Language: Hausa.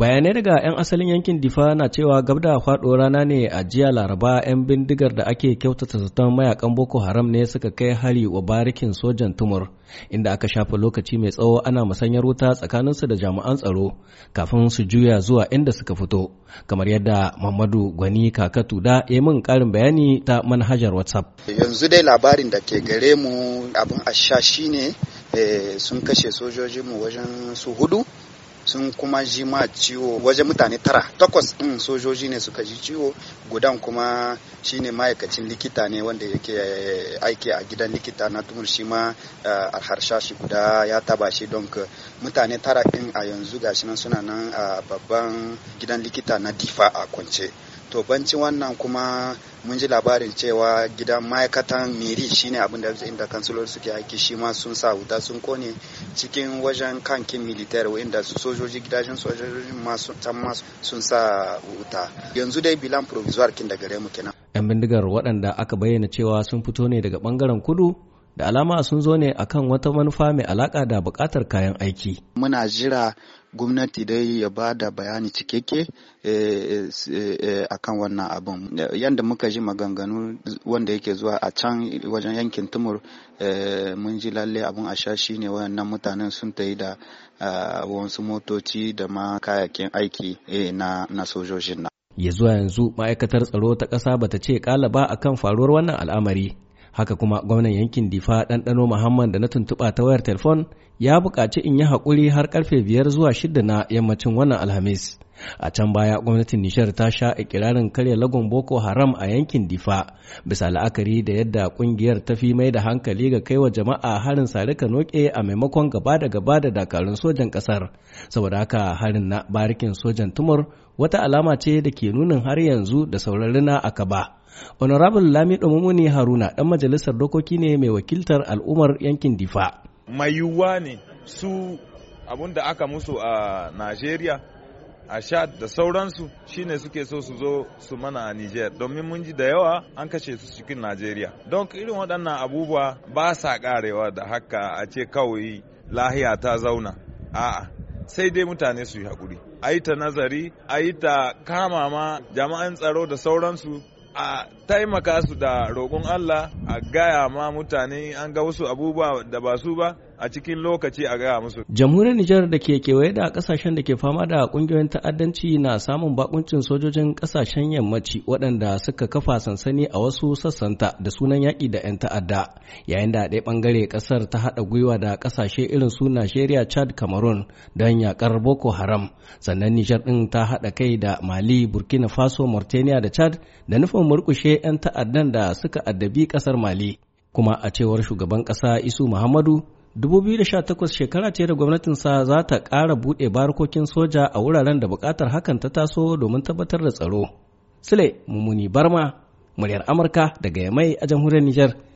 bayanai daga 'yan asalin yankin difa na cewa gabda faɗo rana ne a jiya laraba 'yan bindigar da ake kyautata zaton mayakan boko haram ne suka kai hari wa barikin sojan tumur inda aka shafa lokaci mai tsawo ana musanyar wuta tsakaninsu da jami'an tsaro kafin su juya zuwa inda suka fito kamar yadda mamadu gwani kakatu da ya min karin bayani ta manhajar whatsapp yanzu dai labarin da ke gare mu abin asha shine eh, sun kashe sojojinmu wajen su hudu sun kuma ji ma ciwo waje mutane tara takwas ɗin sojoji ne suka ji ciwo gudan kuma shine ma'aikacin likita ne wanda yake eh, aiki a gidan likita na tumur shi ma eh, shi guda ya taba shi don mutane tara ɗin a yanzu gashi nan suna nan a babban gidan likita na difa a kwance to banci wannan kuma mun ji labarin cewa gidan ma'aikatan miri shine abin da inda kansulor suke aiki shi ma sun sa wuta sun kone cikin wajen kankin militar inda sojoji gidajen sojoji masu can sun sa wuta yanzu dai bilan provisoire kin da gare mu kenan yan bindigar waɗanda aka bayyana cewa sun fito ne daga bangaren kudu da alama sun zo ne akan wata manufa mai alaka da buƙatar kayan aiki. Muna jira gwamnati dai ya ba da bayani cikakke eh, eh, eh, a kan wannan abin. Yadda muka ji maganganu wanda yake zuwa a can wajen yankin tumur mun ji lalle abin a sha shi ne wayannan mutanen sun ta yi da ah, wasu motoci da ma kayakin aiki na sojojin nan. Ya zuwa yanzu ma'aikatar tsaro ta ƙasa bata ce ƙalaba akan faruwar wannan al'amari. haka kuma gwamnan yankin difa ɗanɗano muhammad da na tuntuɓa ta wayar telefon ya buƙaci in yi haƙuri har karfe biyar zuwa shida na yammacin wannan alhamis a can baya gwamnatin nishar ta sha ikirarin karya lagon boko haram a yankin difa bisa la'akari da yadda ƙungiyar ta fi mai da hankali ga kaiwa jama'a harin sarika noke a maimakon gaba da gaba da dakarun sojan ƙasar, saboda haka harin na barikin sojan tumur wata alama ce da ke nunin har yanzu da saurari na akaba. honorable lamido mumuni haruna ɗan majalisar dokoki ne mai wakiltar al'ummar yankin difa mai yiwuwa ne su abun da aka musu a najeriya a shad da sauransu shine suke so su zo su mana a niger domin mun ji da yawa an kashe su cikin najeriya don irin waɗannan abubuwa ba sa karewa da haka a ce kawai lahiya ta zauna a'a sai dai mutane su yi haƙuri a yi ta nazari a yi ta kama ma jama'an tsaro da sauransu a taimaka su da roƙon Allah a gaya ma mutane an ga wasu abubuwa da ba su ba a cikin lokaci a gaya musu. Jamhuriyar Nijar da ke kewaye da kasashen da ke fama da kungiyoyin ta'addanci na samun bakuncin sojojin kasashen yammaci waɗanda suka kafa sansani a wasu sassanta da sunan yaƙi da 'yan ta'adda yayin da ɗaya ɓangare ƙasar ta haɗa gwiwa da ƙasashe irin su Najeriya, Chad, Cameroon don yaƙar Boko Haram sannan Nijar ɗin ta haɗa kai da Mali, Burkina Faso, Mauritania da Chad da nufin murƙushe 'yan ta'addan da suka addabi ƙasar Mali. Kuma a cewar shugaban ƙasa Isu Muhammadu 2018 shekara ce da gwamnatinsa za ta ƙara buɗe barkokin soja a wuraren da buƙatar hakan ta taso domin tabbatar da tsaro. Sule Mumuni Barma, muryar Amurka daga Yamai a jamhuriyar Nijar.